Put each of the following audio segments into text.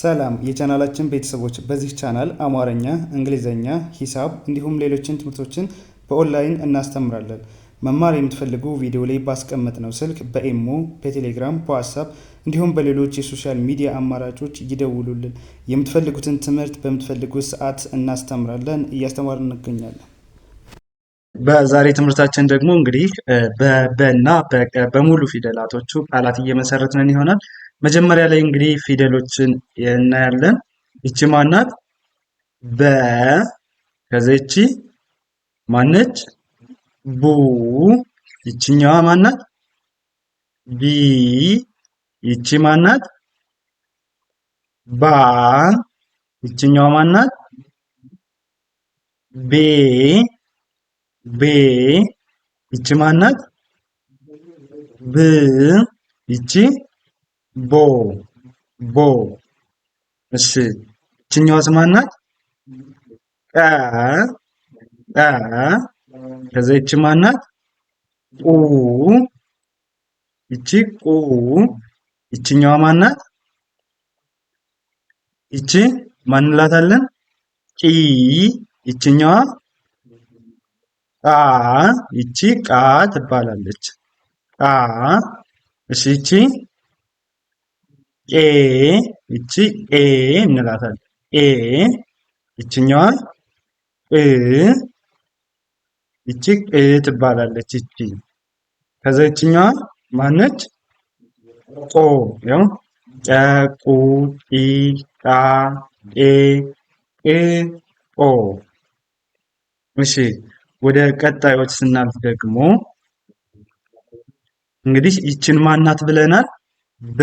ሰላም የቻናላችን ቤተሰቦች፣ በዚህ ቻናል አማርኛ፣ እንግሊዝኛ፣ ሂሳብ እንዲሁም ሌሎችን ትምህርቶችን በኦንላይን እናስተምራለን። መማር የምትፈልጉ ቪዲዮ ላይ ባስቀመጥ ነው ስልክ በኢሞ በቴሌግራም በዋትሳፕ እንዲሁም በሌሎች የሶሻል ሚዲያ አማራጮች ይደውሉልን። የምትፈልጉትን ትምህርት በምትፈልጉት ሰዓት እናስተምራለን፣ እያስተማርን እንገኛለን። በዛሬ ትምህርታችን ደግሞ እንግዲህ በበና በሙሉ ፊደላቶቹ ቃላት እየመሰረትነን ይሆናል። መጀመሪያ ላይ እንግዲህ ፊደሎችን እናያለን። ይቺ ማናት? በ ከዚች ማነች? ቡ ይችኛዋ ማናት? ቢ ይቺ ማናት? ባ ይችኛዋ ማናት? ቤ ቤ ይቺ ማናት? ብ ይቺ ቦ ቦ። እሺ ይችኛዋስ ማናት? ቀ ቀ። ከዛ ይቺ ማናት? ቁ ይቺ ቁ። ይችኛዋ ማናት? ይቺ ማንላታለን? ቂ ይችኛዋ አ ይቺ ቃ ትባላለች። ቃ እሺ፣ ይቺ ኤ ይቺ ኤ እንላታለን። ኤ ይችኛዋ እ ይቺ እ ትባላለች። ይቺ ከዛ ይችኛዋ ማነች? ቆ ያው ጨቁ ጢ ጣ ኤ እ ቆ እሺ ወደ ቀጣዮች ስናልፍ ደግሞ እንግዲህ ይችን ማናት ብለናል። በ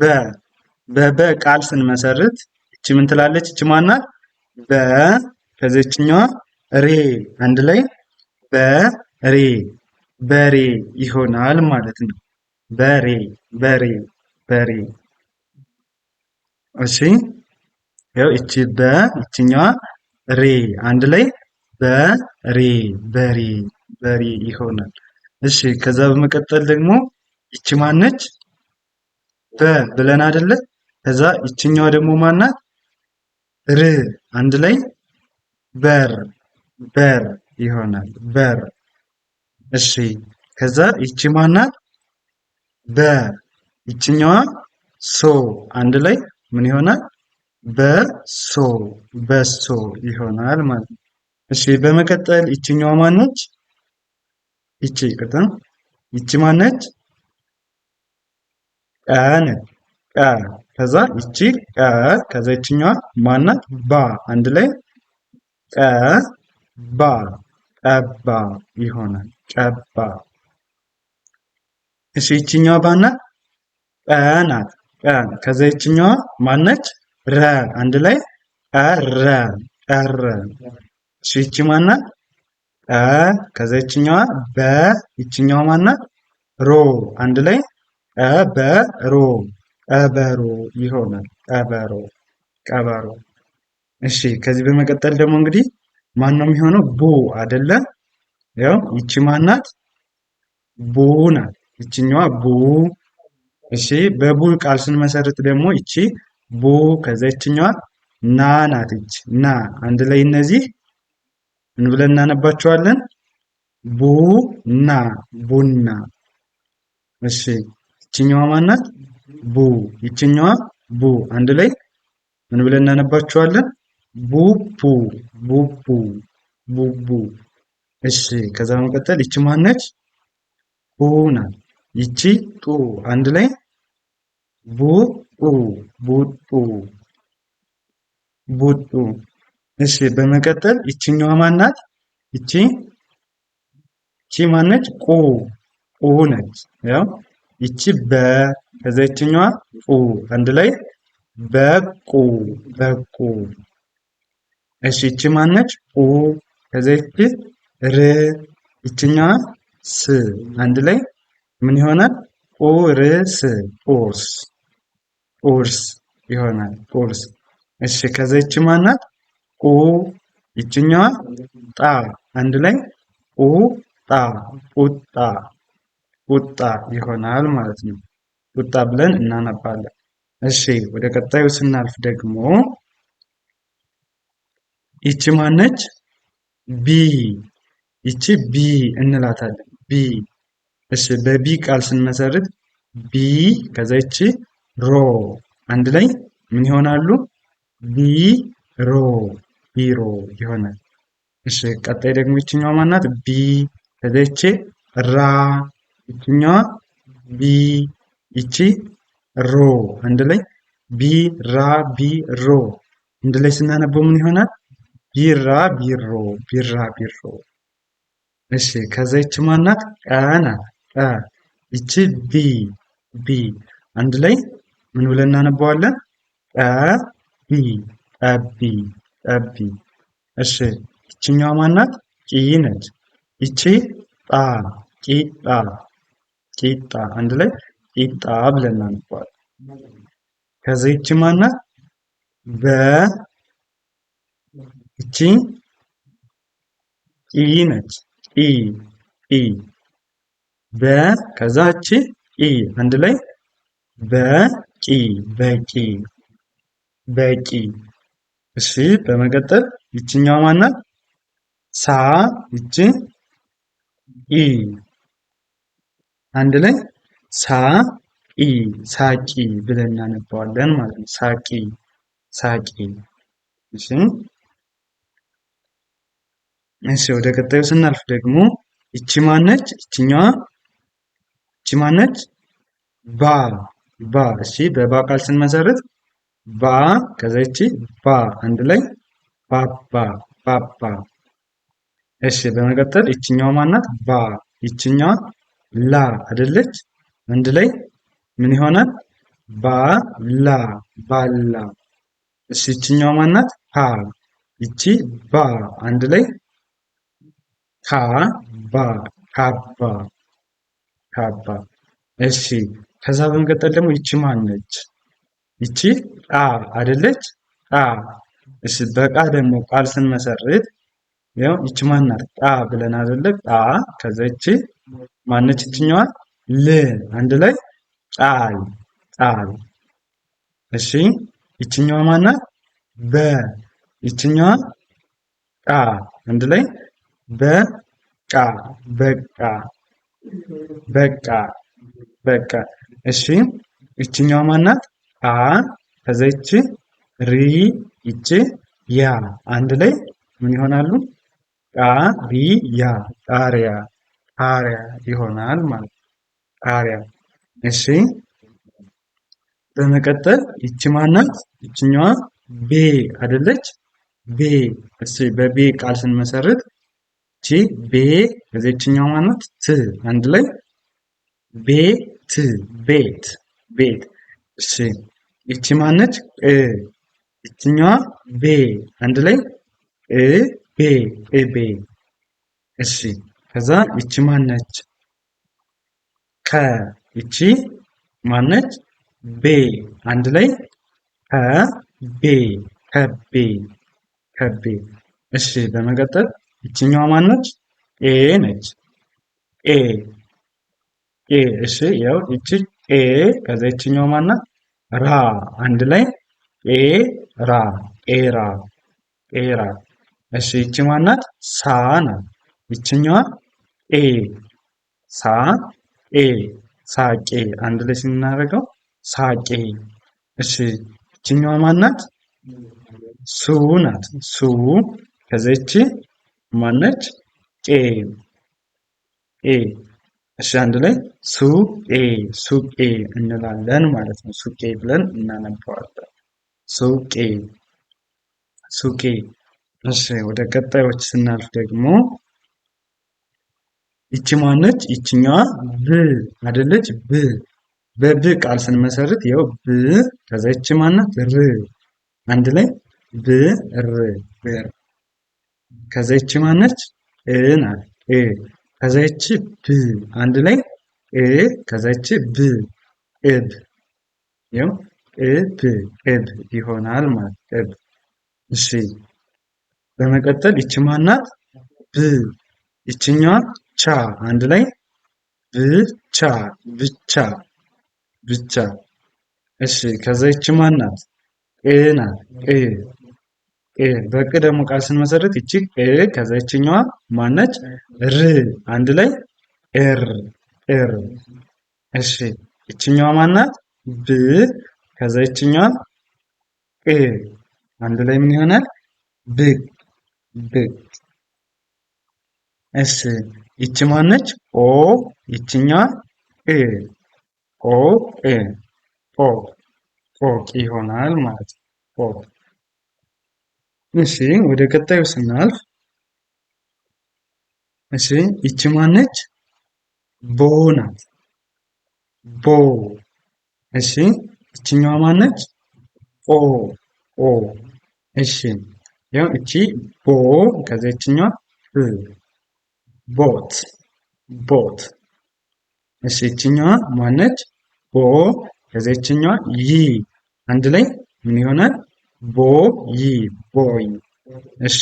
በ በበ ቃል ስንመሰርት እቺ ምን ትላለች? እቺ ማናት? በ ከዚህኛዋ ሬ አንድ ላይ በሬ በሬ ይሆናል ማለት ነው። በሬ በሬ በሬ። እሺ ያው እቺ በ ይቺኛዋ ሬ አንድ ላይ በሬ በሬ በሬ ይሆናል። እሺ ከዛ በመቀጠል ደግሞ ይቺ ማነች? በ ብለን አይደለ? ከዛ ይችኛዋ ደግሞ ማናት? ር አንድ ላይ በር በር ይሆናል። በር እሺ ከዛ ይቺ ማናት? በ ይችኛዋ ሶ አንድ ላይ ምን ይሆናል? በሶ በሶ ይሆናል ማለት ነው። እሺ በመቀጠል ይችኛዋ ማነች? ይቺ ይቅርታ፣ ይቺ ማነች? ቀ ነች። ቀ ከዛ ይቺ ቀ ከዛ ይችኛዋ ማናት? ባ አንድ ላይ ቀ ባ ቀባ ይሆናል። ቀባ። እሺ ይችኛዋ ባና ቀ ናት። ቀ ከዛ ይችኛዋ ማነች? ረ አንድ ላይ ቀረ ቀረ እሺ ማና ማናት? ከዘችኛዋ ከዛ ይችኛዋ በ ይችኛዋ ማናት? ሮ አንድ ላይ ቀበሮ ቀበሮ ይሆናል። ቀበሮ ቀበሮ። እሺ ከዚህ በመቀጠል ደግሞ እንግዲህ ማን ነው የሚሆነው? ቡ አይደለ? ያው ይቺ ማናት? ቡ ናት። ይችኛዋ ቡ እሺ በቡ ቃል ስንመሰርት ደግሞ ይቺ ቡ ከዛ ይችኛዋ ና ናት። ይቺ ና አንድ ላይ እነዚህ ምን ብለን እናነባቸዋለን? ቡና ቡና። እሺ ይችኛዋ ማናት? ቡ። ይችኛዋ ቡ። አንድ ላይ ምን ብለን እናነባቸዋለን? ቡቡ ቡቡ ቡቡ። እሺ ከዛ በመቀጠል ይቺ ማነች? ቡና። ይቺ ጡ። አንድ ላይ ቡጡ ቡጡ ቡጡ እሺ በመቀጠል ይችኛዋ ማናት? ይቺ ይቺ ማነች? ቁ ቁ ነች። ያው ይቺ በ ከዛ ይችኛዋ ቁ አንድ ላይ በቁ በቁ። እሺ ይቺ ማነች? ቁ ከዛ ይቺ ር ይችኛዋ ስ አንድ ላይ ምን ይሆናል? ቁርስ ቁርስ ቁርስ ይሆናል። ቁርስ። እሺ ከዛ ይቺ ማናት? ኡ ይችኛዋ ጣ አንድ ላይ ኡ ጣ ቁጣ ቁጣ ይሆናል ማለት ነው። ቁጣ ብለን እናነባለን። እሺ ወደ ቀጣዩ ስናልፍ ደግሞ ይቺ ማነች? ቢ ይቺ ቢ እንላታለን። ቢ እሺ፣ በቢ ቃል ስንመሰርት ቢ ከዛ ይቺ ሮ አንድ ላይ ምን ይሆናሉ? ቢ ሮ? ቢሮ ይሆናል። እሺ ቀጣይ ደግሞ ይችኛዋ ማናት? ቢ ከዚች ራ ይችኛዋ ቢ ይቺ ሮ አንድ ላይ ቢ ራ ቢ ሮ አንድ ላይ ስናነበው ምን ይሆናል? ቢራ ቢሮ ቢራ ቢሮ። እሺ ከዛ ይች ማናት? ቀ ቀ ይቺ ቢ ቢ አንድ ላይ ምን ብለን እናነበዋለን? ቀ ቢ ቢ ጠቢ። እሺ ይችኛዋ ማናት? ቂ ነች። ይቺ ጣ ቂጣ ቂጣ አንድ ላይ ቂጣ ብለን እናነባለን። ከዛ ይቺ ማናት? በ ይቺ ቂ ነች። ኢ በ ከዛ ይቺ ኢ አንድ ላይ በቂ በቂ በቂ እሺ በመቀጠል ይችኛዋ ማናት? ሳ ይቺ ኢ አንድ ላይ ሳ ኢ ሳቂ ብለን እናነባዋለን ማለት ነው። ሳቂ ሳቂ። እሺ እሺ ወደ ቀጣዩ ስናልፍ ደግሞ ይቺ ማነች? ይችኛዋ ይቺ ማነች? ባ ባ። እሺ በባ ቃል ስንመሰርት ባ ከዛ ይቺ ባ አንድ ላይ ባባ ባባ። እሺ በመቀጠል ይችኛዋ ማናት? ባ ይችኛዋ ላ አይደለች? አንድ ላይ ምን ይሆናል? ባላ ባላ። እሺ ይችኛዋ ማናት? ፓ ይቺ ባ አንድ ላይ ካባ ካባ ካባ። እሺ ከዛ በመቀጠል ደግሞ ይቺ ማን ነች? ይቺ አ አይደለች? አ እሺ። በቃ ደግሞ ቃል ስንመሰርት ያው ይቺ ማናት? አ ብለን አይደለ? አ ከዛ ይቺ ማነች? ይችኛዋ ል አንድ ላይ ጣል ጣል። እሺ። ይችኛዋ ማናት? በ ይችኛዋ ቃ አንድ ላይ በቃ በቃ በቃ በቃ። እሺ። ይችኛዋ ማናት? አ ከዘች ሪ ይች ያ አንድ ላይ ምን ይሆናሉ? ቃ ሪ ያ ቃሪያ ቃሪያ ይሆናል ማለት ነው። ቃሪያ እሺ። በመቀጠል ይቺ ማናት? ይችኛዋ ቤ አይደለች? ቤ እሺ። በቤ ቃል ስንመሰርት ይቺ ቤ ከዚችኛዋ ማናት? ት አንድ ላይ ቤት ቤት ቤት እሺ ይቺ ማነች? እ ይችኛዋ ቤ አንድ ላይ እ ቤ እ ቤ። እሺ ከዛ ይቺ ማነች? ከ ይቺ ማነች? ቤ አንድ ላይ ከ ቤ ከቤ ከቤ። እሺ በመቀጠል ይችኛዋ ማነች? ኤ ነች። ኤ ኤ። እሺ ያው ይቺ ኤ ከዛ ይችኛዋ ማናት? ራ አንድ ላይ ኤ ራ ኤራ ኤራ። እሺ ይቺ ማናት? ሳ ናት። ይችኛዋ ኤ ሳ ኤ ሳቄ አንድ ላይ ስናደርገው ሳቄ። እሺ ይችኛዋ ማናት? ሱ ናት። ሱ ከዚች ማነች? ኤ ኤ እሺ አንድ ላይ ሱቄ ሱቄ እንላለን ማለት ነው። ሱቄ ብለን እናነበዋለን። ሱቄ ሱቄ። እሺ ወደ ቀጣዮች ስናልፍ ደግሞ ይቺ ማነች? ይችኛዋ ብ አይደለች? ብ በብ ቃል ስንመሰርት ያው ብ ከዛ ይቺ ማናት? ር አንድ ላይ ብ ር ብር ከዛ ይቺ ማነች? እ ናት እ ከዛች ብ አንድ ላይ እ ከዛች ብ እብ ይም እብ እብ ይሆናል ማለት እብ። እሺ በመቀጠል ይቺ ማናት? ብ ይችኛዋ ቻ አንድ ላይ ብቻ ብቻ ብቻ። እሺ ከዛ ይቺ ማናት? እ ናት እ በቅ ደግሞ ቃል ስንመሰረት ይቺ ኤ ከዛ ይችኛዋ ማነች ር አንድ ላይ ኤር ኤር። እሺ ይችኛዋ ማናት ብ ከዛ ይችኛዋ ኤ አንድ ላይ ምን ይሆናል ብ ብቅ። እሺ ይቺ ማነች ኦ ይችኛዋ ኤ ኦ ኤ ኦ ኦቅ ይሆናል ማለት ነው ኦ እሺ ወደ ቀጣዩ ስናልፍ እሺ ይቺ ማነች? ቦ ናት። ቦ እሺ ይቺኛዋ ማነች? ኦ ኦ እሺ ያው እቺ ቦ ከዛ ይቺኛዋ ቦት ቦት እሺ ይቺኛዋ ማነች? ቦ ከዛ ይቺኛዋ ይ አንድ ላይ ምን ይሆናል? ቦይ ቦይ። እሺ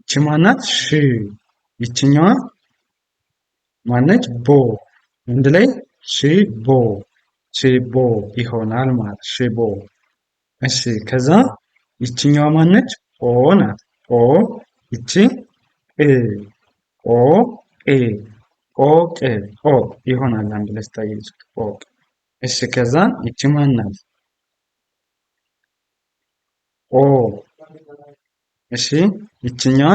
ይቺ ማናት? ሽ ይችኛዋ ማነች? ቦ አንድ ላይ ሽ ቦ ሽቦ ይሆናል ማለት ሽቦ። እሺ ከዛ ይችኛዋ ማነች? ኦ ናት። ኦ ይቺ ኦ እ ኦቅ ኦቅ ይሆናል አንድ ላይ ስታየሱት ኦቅ። እሺ ከዛ ይቺ ማናት? ኦ እሺ ይችኛዋ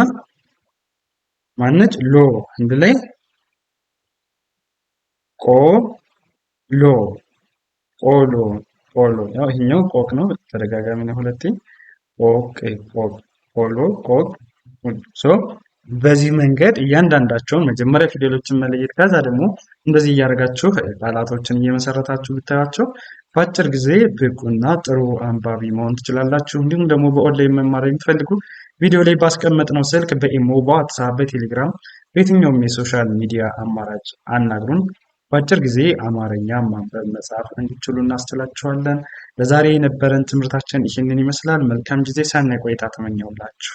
ማነች? ሎ አንድ ላይ ቆ ሎ ቆሎ ቆሎ። ያው ይሄኛው ቆቅ ነው፣ ተደጋጋሚ ነው ሁለቴ። ቆቅ ቆቅ ቆሎ ቆቅ። ሶ በዚህ መንገድ እያንዳንዳቸውን መጀመሪያ ፊደሎችን መለየት፣ ከዛ ደግሞ እንደዚህ እያደረጋችሁ ቃላቶችን እየመሰረታችሁ ብታያቸው በአጭር ጊዜ ብቁና ጥሩ አንባቢ መሆን ትችላላችሁ። እንዲሁም ደግሞ በኦንላይን መማር የምትፈልጉ ቪዲዮ ላይ ባስቀመጥ ነው ስልክ በኢሞ፣ በዋትሳፕ፣ በቴሌግራም በየትኛውም የሶሻል ሚዲያ አማራጭ አናግሩን። በአጭር ጊዜ አማርኛ ማንበብ መጻፍ እንዲችሉ እናስችላችኋለን። ለዛሬ የነበረን ትምህርታችን ይህንን ይመስላል። መልካም ጊዜ፣ ሰናይ ቆይታ ተመኘውላችሁ።